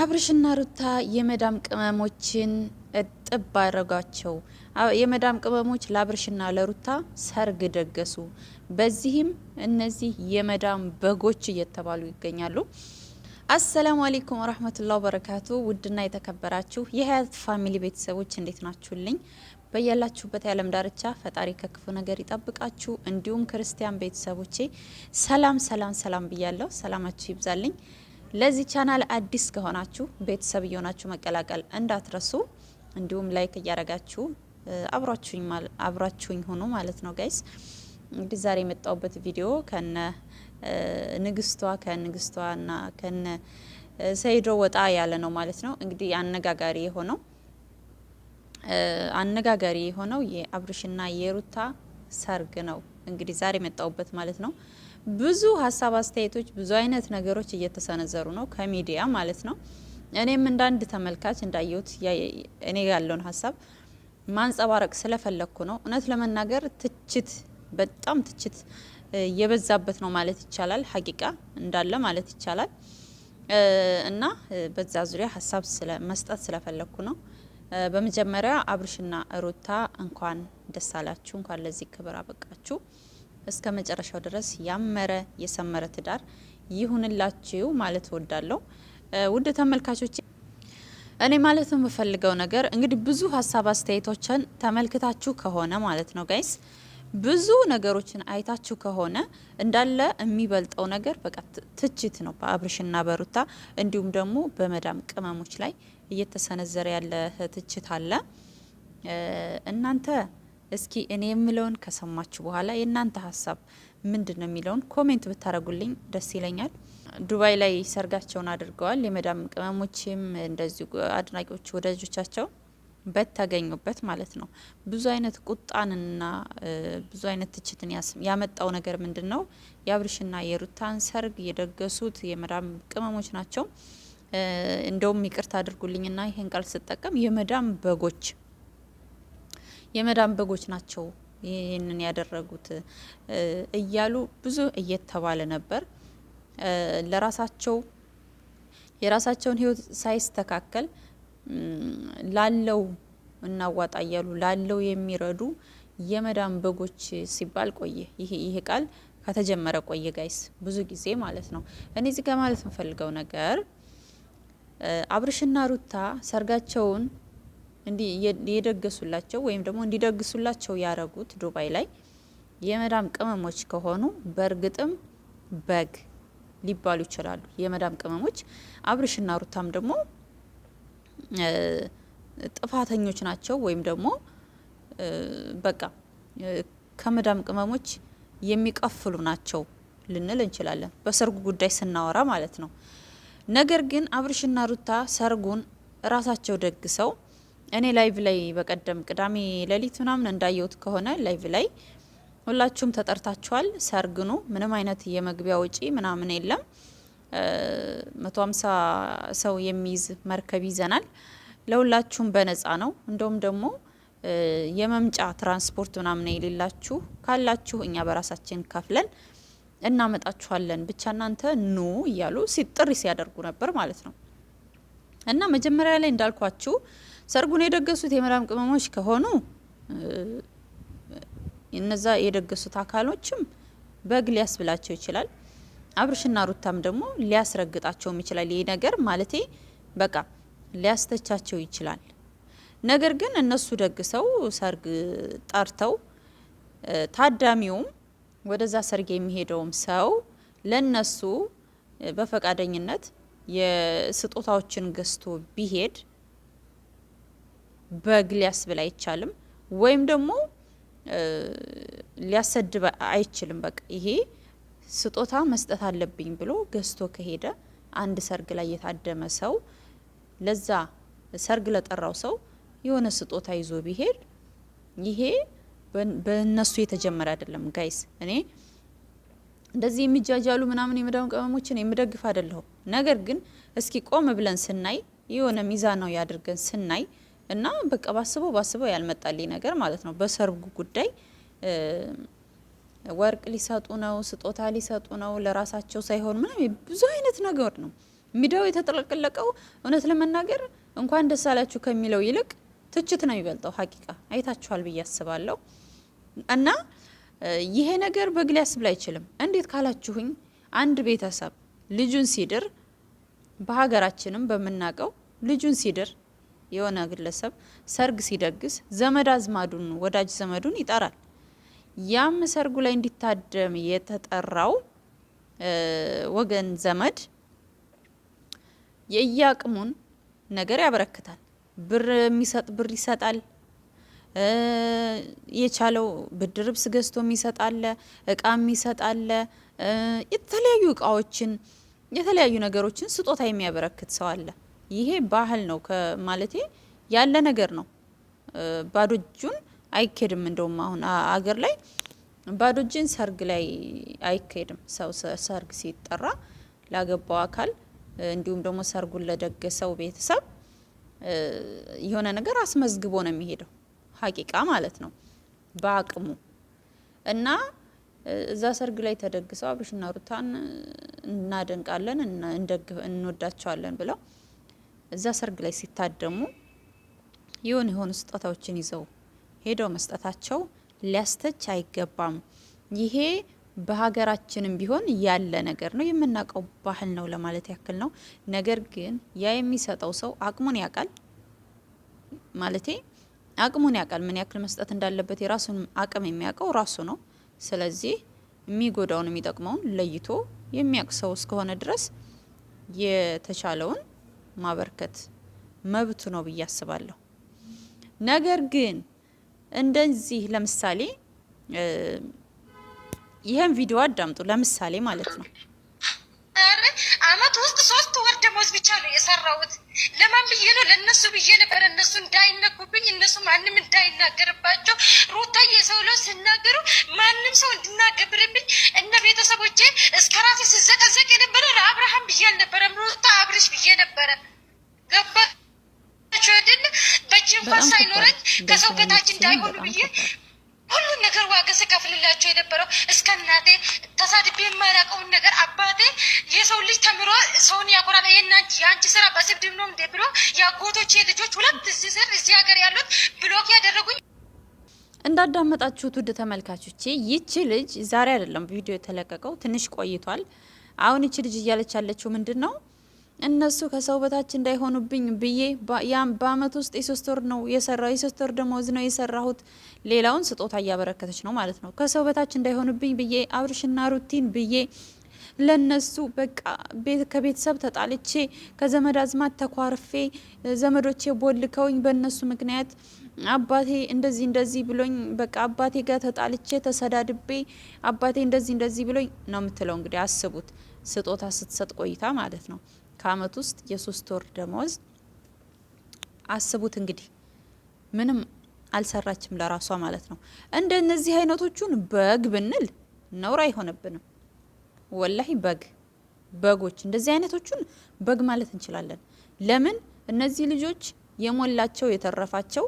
አብርሽና ሩታ የመዳም ቅመሞችን እጥብ አረጓቸው የመዳም ቅመሞች ለአብርሽና ለሩታ ሰርግ ደገሱ። በዚህም እነዚህ የመዳም በጎች እየተባሉ ይገኛሉ። አሰላሙ አሌይኩም ወረህመቱላ ወበረካቱ። ውድና የተከበራችሁ የሀያት ፋሚሊ ቤተሰቦች እንዴት ናችሁልኝ? በያላችሁበት የዓለም ዳርቻ ፈጣሪ ከክፉ ነገር ይጠብቃችሁ። እንዲሁም ክርስቲያን ቤተሰቦቼ ሰላም ሰላም ሰላም ብያለሁ። ሰላማችሁ ይብዛልኝ። ለዚህ ቻናል አዲስ ከሆናችሁ ቤተሰብ እየሆናችሁ መቀላቀል እንዳትረሱ፣ እንዲሁም ላይክ እያረጋችሁ አብራችሁኝ ሆኑ ማለት ነው ጋይስ። እንግዲህ ዛሬ የመጣውበት ቪዲዮ ከነ ንግስቷ ከንግስቷ እና ከነ ሰይዶ ወጣ ያለ ነው ማለት ነው። እንግዲህ አነጋጋሪ የሆነው አነጋጋሪ የሆነው የአብርሽና የሩታ ሰርግ ነው። እንግዲህ ዛሬ የመጣውበት ማለት ነው። ብዙ ሀሳብ አስተያየቶች፣ ብዙ አይነት ነገሮች እየተሰነዘሩ ነው ከሚዲያ ማለት ነው። እኔም እንደ አንድ ተመልካች እንዳየሁት እኔ ያለውን ሀሳብ ማንጸባረቅ ስለፈለግኩ ነው። እውነት ለመናገር ትችት በጣም ትችት የበዛበት ነው ማለት ይቻላል። ሀቂቃ እንዳለ ማለት ይቻላል። እና በዛ ዙሪያ ሀሳብ መስጠት ስለፈለግኩ ነው። በመጀመሪያ አብርሽና ሩታ እንኳን ደስ አላችሁ፣ እንኳን ለዚህ ክብር አበቃችሁ። እስከ መጨረሻው ድረስ ያመረ የሰመረ ትዳር ይሁንላችሁ ማለት እወዳለሁ። ውድ ተመልካቾች እኔ ማለት የምፈልገው ነገር እንግዲህ ብዙ ሀሳብ አስተያየቶችን ተመልክታችሁ ከሆነ ማለት ነው ጋይስ ብዙ ነገሮችን አይታችሁ ከሆነ እንዳለ የሚበልጠው ነገር በቃ ትችት ነው በአብርሽና በሩታ እንዲሁም ደግሞ በመዳም ቅመሞች ላይ እየተሰነዘረ ያለ ትችት አለ እናንተ እስኪ እኔ የምለውን ከሰማችሁ በኋላ የእናንተ ሀሳብ ምንድን ነው የሚለውን ኮሜንት ብታደረጉልኝ ደስ ይለኛል። ዱባይ ላይ ሰርጋቸውን አድርገዋል። የመዳም ቅመሞችም እንደዚሁ አድናቂዎች ወዳጆቻቸው በተገኙበት ማለት ነው። ብዙ አይነት ቁጣንና ብዙ አይነት ትችትን ያመጣው ነገር ምንድን ነው? የአብርሽና የሩታን ሰርግ የደገሱት የመዳም ቅመሞች ናቸው። እንደውም ይቅርታ አድርጉልኝና ይህን ቃል ስጠቀም የመዳም በጎች የመዳን በጎች ናቸው ይህንን ያደረጉት እያሉ ብዙ እየተባለ ነበር። ለራሳቸው የራሳቸውን ህይወት ሳይስተካከል ላለው እናዋጣ እያሉ ላለው የሚረዱ የመዳን በጎች ሲባል ቆየ። ይህ ቃል ከተጀመረ ቆየ ጋይስ፣ ብዙ ጊዜ ማለት ነው። እኔ እዚህ ጋር ማለት የምፈልገው ነገር አብርሽና ሩታ ሰርጋቸውን እንዲህ የደገሱላቸው ወይም ደግሞ እንዲደግሱላቸው ያረጉት ዱባይ ላይ የመዳም ቅመሞች ከሆኑ በእርግጥም በግ ሊባሉ ይችላሉ። የመዳም ቅመሞች አብርሽና ሩታም ደግሞ ጥፋተኞች ናቸው ወይም ደግሞ በቃ ከመዳም ቅመሞች የሚቀፍሉ ናቸው ልንል እንችላለን፣ በሰርጉ ጉዳይ ስናወራ ማለት ነው። ነገር ግን አብርሽና ሩታ ሰርጉን እራሳቸው ደግሰው እኔ ላይቭ ላይ በቀደም ቅዳሜ ሌሊት ምናምን እንዳየሁት ከሆነ ላይቭ ላይ ሁላችሁም ተጠርታችኋል። ሰርግኑ ምንም አይነት የመግቢያ ውጪ ምናምን የለም። መቶ ሀምሳ ሰው የሚይዝ መርከብ ይዘናል። ለሁላችሁም በነጻ ነው። እንደውም ደግሞ የመምጫ ትራንስፖርት ምናምን የሌላችሁ ካላችሁ እኛ በራሳችን ከፍለን እናመጣችኋለን። ብቻ እናንተ ኑ እያሉ ሲጥሪ ሲያደርጉ ነበር ማለት ነው እና መጀመሪያ ላይ እንዳልኳችሁ ሰርጉን የደገሱት የመዳም ቅመሞች ከሆኑ እነዛ የደገሱት አካሎችም በግ ሊያስብላቸው ይችላል። አብርሽና ሩታም ደግሞ ሊያስረግጣቸውም ይችላል። ይህ ነገር ማለቴ በቃ ሊያስተቻቸው ይችላል። ነገር ግን እነሱ ደግሰው ሰርግ ጠርተው ታዳሚውም ወደዛ ሰርግ የሚሄደውም ሰው ለነሱ በፈቃደኝነት የስጦታዎችን ገዝቶ ቢሄድ በግ ሊያስብል አይቻልም፣ ወይም ደግሞ ሊያሰድብ አይችልም። በቃ ይሄ ስጦታ መስጠት አለብኝ ብሎ ገዝቶ ከሄደ አንድ ሰርግ ላይ የታደመ ሰው ለዛ ሰርግ ለጠራው ሰው የሆነ ስጦታ ይዞ ቢሄድ ይሄ በእነሱ የተጀመረ አይደለም። ጋይስ እኔ እንደዚህ የሚጃጃሉ ምናምን የመዳም ቅመሞችን የምደግፍ አይደለሁም። ነገር ግን እስኪ ቆም ብለን ስናይ የሆነ ሚዛናዊ ያድርገን ስናይ እና በቃ ባስበው ባስበው ያልመጣልኝ ነገር ማለት ነው። በሰርጉ ጉዳይ ወርቅ ሊሰጡ ነው፣ ስጦታ ሊሰጡ ነው፣ ለራሳቸው ሳይሆን ምናምን ብዙ አይነት ነገር ነው ሚዲያው የተጠለቀለቀው። እውነት ለመናገር እንኳን ደስ አላችሁ ከሚለው ይልቅ ትችት ነው የሚበልጠው። ሀቂቃ አይታችኋል ብዬ አስባለሁ። እና ይሄ ነገር በግሊያስ ሊያስብል አይችልም። እንዴት ካላችሁኝ አንድ ቤተሰብ ልጁን ሲድር በሀገራችንም በምናውቀው ልጁን ሲድር የሆነ ግለሰብ ሰርግ ሲደግስ ዘመድ አዝማዱን ወዳጅ ዘመዱን ይጠራል። ያም ሰርጉ ላይ እንዲታደም የተጠራው ወገን ዘመድ የእያቅሙን ነገር ያበረክታል። ብር የሚሰጥ ብር ይሰጣል። የቻለው ብድር ልብስ ገዝቶ የሚሰጣለ እቃ የሚሰጣለ የተለያዩ እቃዎችን የተለያዩ ነገሮችን ስጦታ የሚያበረክት ሰው አለ። ይሄ ባህል ነው ማለቴ ያለ ነገር ነው። ባዶ እጁን አይኬድም እንደውም አሁን አገር ላይ ባዶ እጅን ሰርግ ላይ አይኬድም ሰው ሰርግ ሲጠራ ላገባው አካል እንዲሁም ደግሞ ሰርጉን ለደገሰው ቤተሰብ የሆነ ነገር አስመዝግቦ ነው የሚሄደው። ሀቂቃ ማለት ነው በአቅሙ እና እዛ ሰርግ ላይ ተደግሰው አብርሽና ሩታን እናደንቃለን፣ እንወዳቸዋለን ብለው እዛ ሰርግ ላይ ሲታደሙ የሆኑ የሆኑ ስጦታዎችን ይዘው ሄደው መስጠታቸው ሊያስተች አይገባም። ይሄ በሀገራችንም ቢሆን ያለ ነገር ነው፣ የምናውቀው ባህል ነው ለማለት ያክል ነው። ነገር ግን ያ የሚሰጠው ሰው አቅሙን ያውቃል ማለቴ አቅሙን ያውቃል። ምን ያክል መስጠት እንዳለበት የራሱን አቅም የሚያውቀው ራሱ ነው። ስለዚህ የሚጎዳውን የሚጠቅመውን ለይቶ የሚያውቅ ሰው እስከሆነ ድረስ የተቻለውን ማበርከት መብቱ ነው ብዬ አስባለሁ። ነገር ግን እንደዚህ ለምሳሌ ይህን ቪዲዮ አዳምጡ። ለምሳሌ ማለት ነው አመት ውስጥ ሶስት ወር ደሞዝ ብቻ ነው የሰራሁት። ለማን ብዬ ነው? ለእነሱ ብዬ ነበር፣ እነሱ እንዳይነኩብኝ፣ እነሱ ማንም እንዳይናገርባቸው። ሩታ የሰው ለው ሲናገሩ ማንም ሰው እንድናገብርብኝ እነ ቤተሰቦቼ እስከ ራሴ ስዘቀዘቅ የነበረ ለአብርሃም ብዬ አልነበረም፣ ሩታ አብርሽ ብዬ ነበረ። ገባ ቸድን በእጅ እንኳን ሳይኖረኝ ከሰው በታች እንዳይሆኑ ብዬ ነገር ዋጋ ስከፍልላቸው የነበረው እስከ እናቴ ተሳድቤ የማላውቀውን ነገር አባቴ የሰው ልጅ ተምሮ ሰውን ያኮራል። የአንቺ ስራ በስድብ ነው እንዴ ብሎ የአጎቶቼ ልጆች ሁለት ስር እዚህ ሀገር ያሉት ብሎክ ያደረጉኝ። እንዳዳመጣችሁት ውድ ተመልካቾቼ ይቺ ልጅ ዛሬ አይደለም ቪዲዮ የተለቀቀው ትንሽ ቆይቷል። አሁን ይቺ ልጅ እያለች ያለችው ምንድን ነው እነሱ ከሰው በታች እንዳይሆኑብኝ ብዬ በአመት ውስጥ የሶስት ወር ነው የሰራ የሶስት ወር ደሞዝ ነው የሰራሁት። ሌላውን ስጦታ እያበረከተች ነው ማለት ነው። ከሰው በታች እንዳይሆኑብኝ ብዬ አብርሽና ሩቲን ብዬ ለነሱ በቃ ከቤተሰብ ተጣልቼ ከዘመድ አዝማት ተኳርፌ ዘመዶቼ ቦልከውኝ በእነሱ ምክንያት አባቴ እንደዚህ እንደዚህ ብሎኝ በቃ አባቴ ጋር ተጣልቼ ተሰዳድቤ አባቴ እንደዚህ እንደዚህ ብሎኝ ነው የምትለው። እንግዲህ አስቡት፣ ስጦታ ስትሰጥ ቆይታ ማለት ነው። ከአመት ውስጥ የሶስት ወር ደሞዝ አስቡት እንግዲህ ምንም አልሰራችም ለራሷ ማለት ነው። እንደ እነዚህ አይነቶቹን በግ ብንል ነውር አይሆንብንም። ወላሂ በግ በጎች እንደዚህ አይነቶቹን በግ ማለት እንችላለን። ለምን እነዚህ ልጆች የሞላቸው የተረፋቸው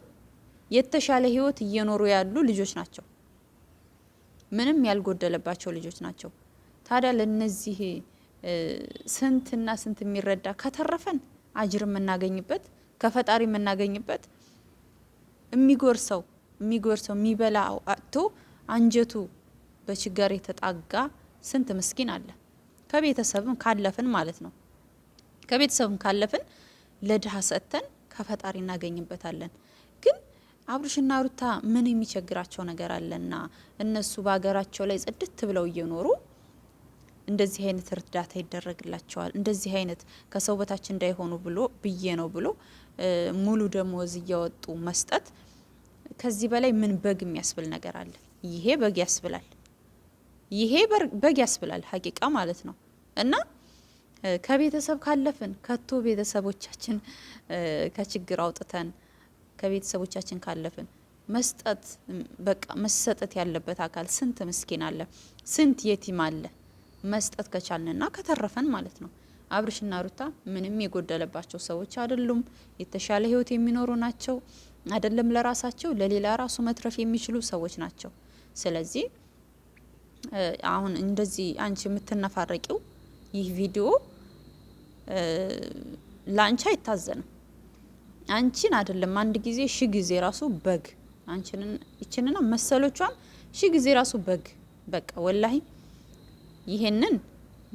የተሻለ ህይወት እየኖሩ ያሉ ልጆች ናቸው። ምንም ያልጎደለባቸው ልጆች ናቸው። ታዲያ ለነዚህ ስንትና ስንት የሚረዳ ከተረፈን አጅር የምናገኝበት ከፈጣሪ የምናገኝበት የሚጎርሰው የሚጎርሰው የሚበላ አጥቶ አንጀቱ በችጋር የተጣጋ ስንት ምስኪን አለ። ከቤተሰብም ካለፍን ማለት ነው። ከቤተሰብም ካለፍን ለድሀ ሰጥተን ከፈጣሪ እናገኝበታለን። ግን አብርሽና ሩታ ምን የሚቸግራቸው ነገር አለና እነሱ በሀገራቸው ላይ ጽድት ብለው እየኖሩ እንደዚህ አይነት እርዳታ ይደረግላቸዋል፣ እንደዚህ አይነት ከሰው በታች እንዳይሆኑ ብሎ ብዬ ነው ብሎ ሙሉ ደሞዝ እያወጡ መስጠት ከዚህ በላይ ምን በግ የሚያስብል ነገር አለ? ይሄ በግ ያስብላል። ይሄ በግ ያስብላል ሀቂቃ ማለት ነው። እና ከቤተሰብ ካለፍን ከቶ ቤተሰቦቻችን ከችግር አውጥተን ከቤተሰቦቻችን ካለፍን መስጠት በቃ መሰጠት ያለበት አካል ስንት ምስኪን አለ፣ ስንት የቲም አለ። መስጠት ከቻልንና ከተረፈን ማለት ነው። አብርሽና ሩታ ምንም የጎደለባቸው ሰዎች አይደሉም። የተሻለ ህይወት የሚኖሩ ናቸው። አይደለም ለራሳቸው ለሌላ ራሱ መትረፍ የሚችሉ ሰዎች ናቸው። ስለዚህ አሁን እንደዚህ አንቺ የምትነፋረቂው ይህ ቪዲዮ ለአንቺ አይታዘንም። አንቺን አይደለም አንድ ጊዜ ሺ ጊዜ ራሱ በግ አንቺንን ይችንና መሰሎቿን ሺ ጊዜ ራሱ በግ በቃ ወላሂ ይሄንን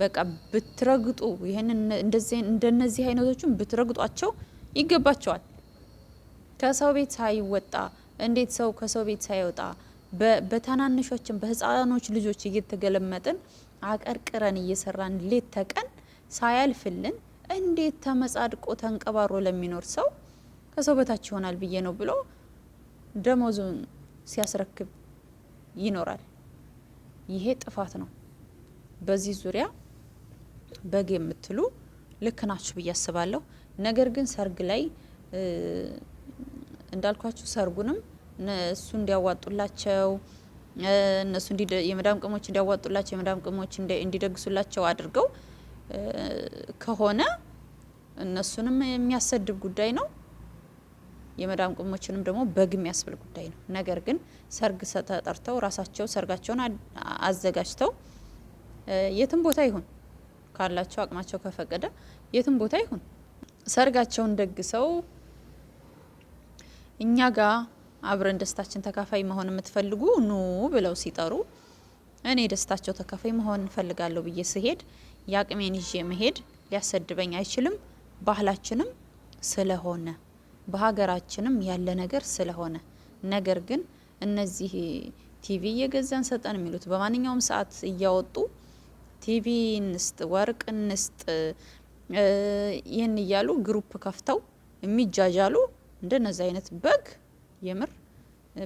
በቃ ብትረግጡ ይሄንን እንደዚህ እንደነዚህ አይነቶችን ብትረግጧቸው ይገባቸዋል። ከሰው ቤት ሳይወጣ እንዴት ሰው ከሰው ቤት ሳይወጣ በታናንሾችን በህፃኖች ልጆች እየተገለመጥን አቀርቅረን እየሰራን ሌት ተቀን ሳያልፍልን እንዴት ተመጻድቆ ተንቀባሮ ለሚኖር ሰው ከሰው በታች ይሆናል ብዬ ነው ብሎ ደሞዙን ሲያስረክብ ይኖራል። ይሄ ጥፋት ነው። በዚህ ዙሪያ በግ የምትሉ ልክ ናችሁ ብዬ አስባለሁ። ነገር ግን ሰርግ ላይ እንዳልኳችሁ ሰርጉንም እሱ እንዲያዋጡላቸው እነሱ የመዳም ቅሞች እንዲያዋጡላቸው የመዳም ቅሞች እንዲደግሱላቸው አድርገው ከሆነ እነሱንም የሚያሰድብ ጉዳይ ነው። የመዳም ቅሞችንም ደግሞ በግ የሚያስብል ጉዳይ ነው። ነገር ግን ሰርግ ተጠርተው ራሳቸው ሰርጋቸውን አዘጋጅተው የትም ቦታ ይሁን ካላቸው አቅማቸው ከፈቀደ የትም ቦታ ይሁን ሰርጋቸውን ደግሰው እኛ ጋ አብረን ደስታችን ተካፋይ መሆን የምትፈልጉ ኑ ብለው ሲጠሩ እኔ ደስታቸው ተካፋይ መሆን እንፈልጋለሁ ብዬ ስሄድ የአቅሜን ይዤ መሄድ ሊያሰድበኝ አይችልም። ባህላችንም ስለሆነ በሀገራችንም ያለ ነገር ስለሆነ ነገር ግን እነዚህ ቲቪ እየገዛን ሰጠን የሚሉት በማንኛውም ሰዓት እያወጡ ቲቪ እንስጥ፣ ወርቅ እንስጥ፣ ይህን እያሉ ግሩፕ ከፍተው የሚጃጃሉ እንደነዚህ አይነት በግ የምር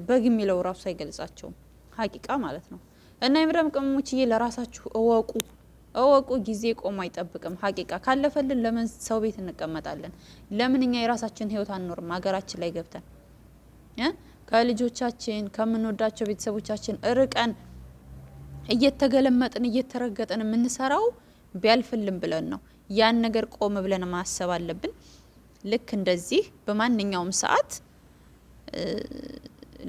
በግ የሚለው ራሱ አይገልጻቸውም። ሀቂቃ ማለት ነው። እና የመዳም ቅመሞችዬ ለራሳችሁ እወቁ እወቁ። ጊዜ ቆሞ አይጠብቅም። ሀቂቃ ካለፈልን ለምን ሰው ቤት እንቀመጣለን? ለምን እኛ የራሳችን ህይወት አንኖርም? ሀገራችን ላይ ገብተን ከልጆቻችን ከምንወዳቸው ቤተሰቦቻችን እርቀን እየተገለመጥን እየተረገጥን የምንሰራው ቢያልፍልን ብለን ነው። ያን ነገር ቆም ብለን ማሰብ አለብን። ልክ እንደዚህ በማንኛውም ሰዓት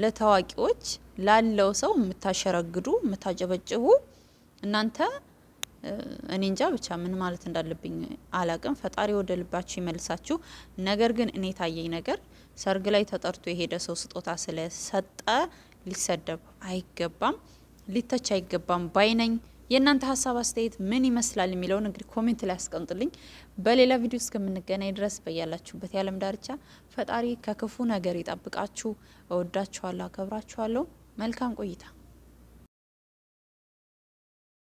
ለታዋቂዎች ላለው ሰው የምታሸረግዱ የምታጨበጭቡ እናንተ እኔ እንጃ ብቻ ምን ማለት እንዳለብኝ አላቅም። ፈጣሪ ወደ ልባችሁ ይመልሳችሁ። ነገር ግን እኔ ታየኝ ነገር ሰርግ ላይ ተጠርቶ የሄደ ሰው ስጦታ ስለሰጠ ሊሰደብ አይገባም። ሊተች አይገባም ባይነኝ። የእናንተ ሀሳብ አስተያየት ምን ይመስላል የሚለውን እንግዲህ ኮሜንት ላይ ያስቀምጡልኝ። በሌላ ቪዲዮ እስከምንገናኝ ድረስ በያላችሁበት የዓለም ዳርቻ ፈጣሪ ከክፉ ነገር ይጠብቃችሁ። እወዳችኋለሁ፣ አከብራችኋለሁ። መልካም ቆይታ